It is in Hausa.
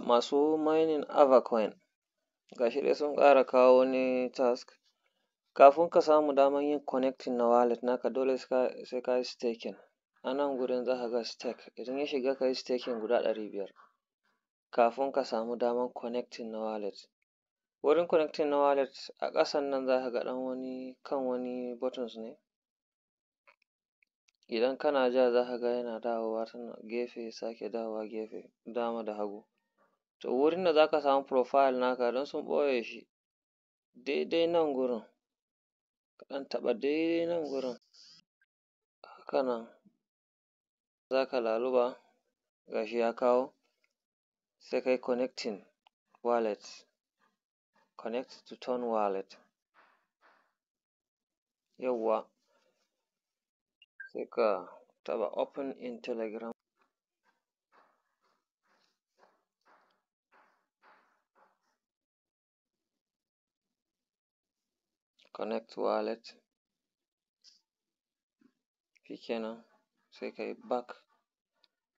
masu mining Avacoin gashi dai sun ƙara kawo wani task kafin ka samu daman yin connecting na wallet naka dole sai ka yi staking a nan gurin za ka ga stake idan ya shiga ka yi staking guda ɗari biyar kafin ka samu daman connecting na wallet wurin connecting na wallet a ƙasan nan za ka ga ɗan wani kan wani buttons ne idan kana ja za ka ga yana dawowa gefe sake dawowa gefe dama da hagu to wurin da zaka samu profile naka don sun ɓoye shi daidai nan gurin ka ɗan taɓa daidai nan gurin haka nan za laluba gashi shi ya kawo sai kai connecting wallet connect to ton wallet yawwa sai ka taɓa open in telegram connect wallet shikenan sai kayi back.